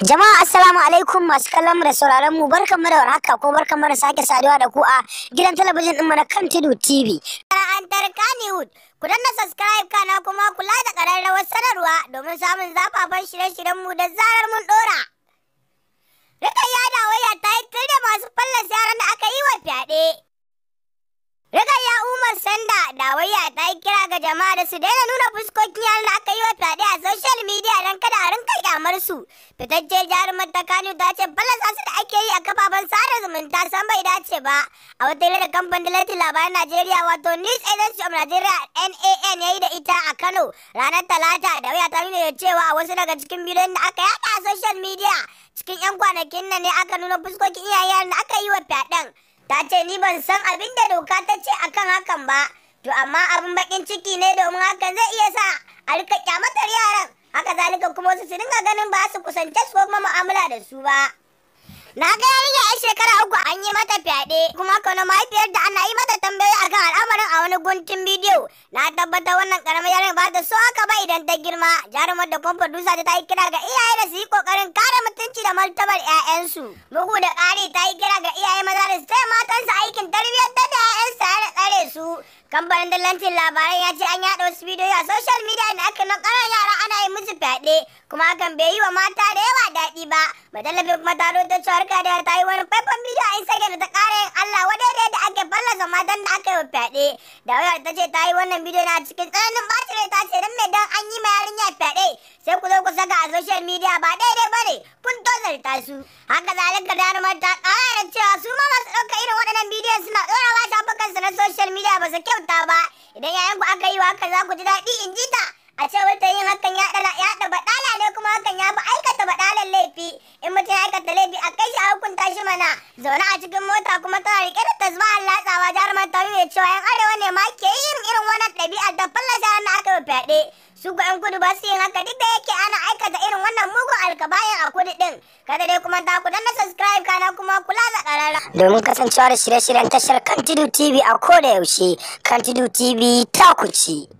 Jama'a assalamu alaikum masu kallon mu da sauraron mu barkamu da warhaka ko barkamu da sake saduwa da ku a gidan talabijin din mu na kan Tudu TV. An Kannywood ku danna subscribe kana kuma kula da kararrawar sanarwa domin samun zafafan shirye-shiryen mu da zarar mun dora. ya da waya ta yi tirda masu fallas yaran da aka yi wa fyaɗe. ya Umar Sanda da waya ta yi kira ga jama'a da su daina nuna fuskokin yaran da aka yi wa fyaɗe. su fitacce jarumar ta ta ce za su da ake yi a kafafen sada zumunta san bai dace ba a wata yi da kamfanin dalatin labaran najeriya wato news agency of nigeria nan ya yi da ita a kano ranar talata da waya ta nuna da cewa a wasu daga cikin bidiyon da aka yada a social media cikin 'yan kwanakin nan ne aka nuna fuskokin iyaye da aka yi wa fyaɗen ta ce ni ban san abin da doka ta ce akan hakan ba to amma abin bakin ciki ne domin hakan zai iya sa a rika kyamatar yaran haka zalika kuma su dinga ganin ba su kusance su ko kuma mu'amala da su ba na ga yarinya yan shekara uku an yi mata fyaɗe kuma kano mahaifiyar da ana yi mata tambayoyi akan al'amarin a wani guntun bidiyo na tabbata wannan karamar yarinya ba ta so haka ba idan ta girma jarumar da kuma dusa ta yi kira ga iyaye da su yi kokarin kare mutunci da martabar 'ya'yansu bugu da ƙari ta yi kira ga iyaye maza da su taya su aikin tarbiyyantar da 'ya'yansu Kamfanin dalantin labaran ya ce an yaɗa wasu bidiyo a social media da aka na ƙanan yara ana yi musu fyaɗe kuma hakan bai yi wa mata da yawa daɗi ba. Majalabin kuma ta rota cewa harka da ta yi wani faifan bidiyo a Instagram da ta ƙara yin Allah wani da yadda ake fallasa matan da aka yi wa fyaɗe. Da wayar ta ce ta yi wannan bidiyo na cikin tsananin ɓacin rai ta ce dan me don an yi ma yarinya fyaɗe sai ku zo ku saka a social media ba daidai ba ne kun tozarta su. Haka zalika da ta ƙara da cewa su idan yayanku aka yi wa haka za ku ji daɗi in ji ta a ce wata yin hakan ya ɗara ya ɗa baɗala ne kuma hakan ya fi aikata baɗalan laifi in mutum ya aikata laifi a kai shi a hukunta shi mana zaune a cikin mota kuma tana riƙe da tasbihar latsawa jarumar ta da cewa yan arewa ne ma ke yin irin wannan ɗabi'ar da fallasa na aka yi fyaɗe su kudu ba su yin haka duk da yake ana aikata irin wannan mugun alkabayin a kudu din kada dai kuma ta kudan na subscribe kana kuma kula da karara domin kasancewa da shirye-shiryen tashar kantidu tv a koda yaushe kantidu tv ta kuci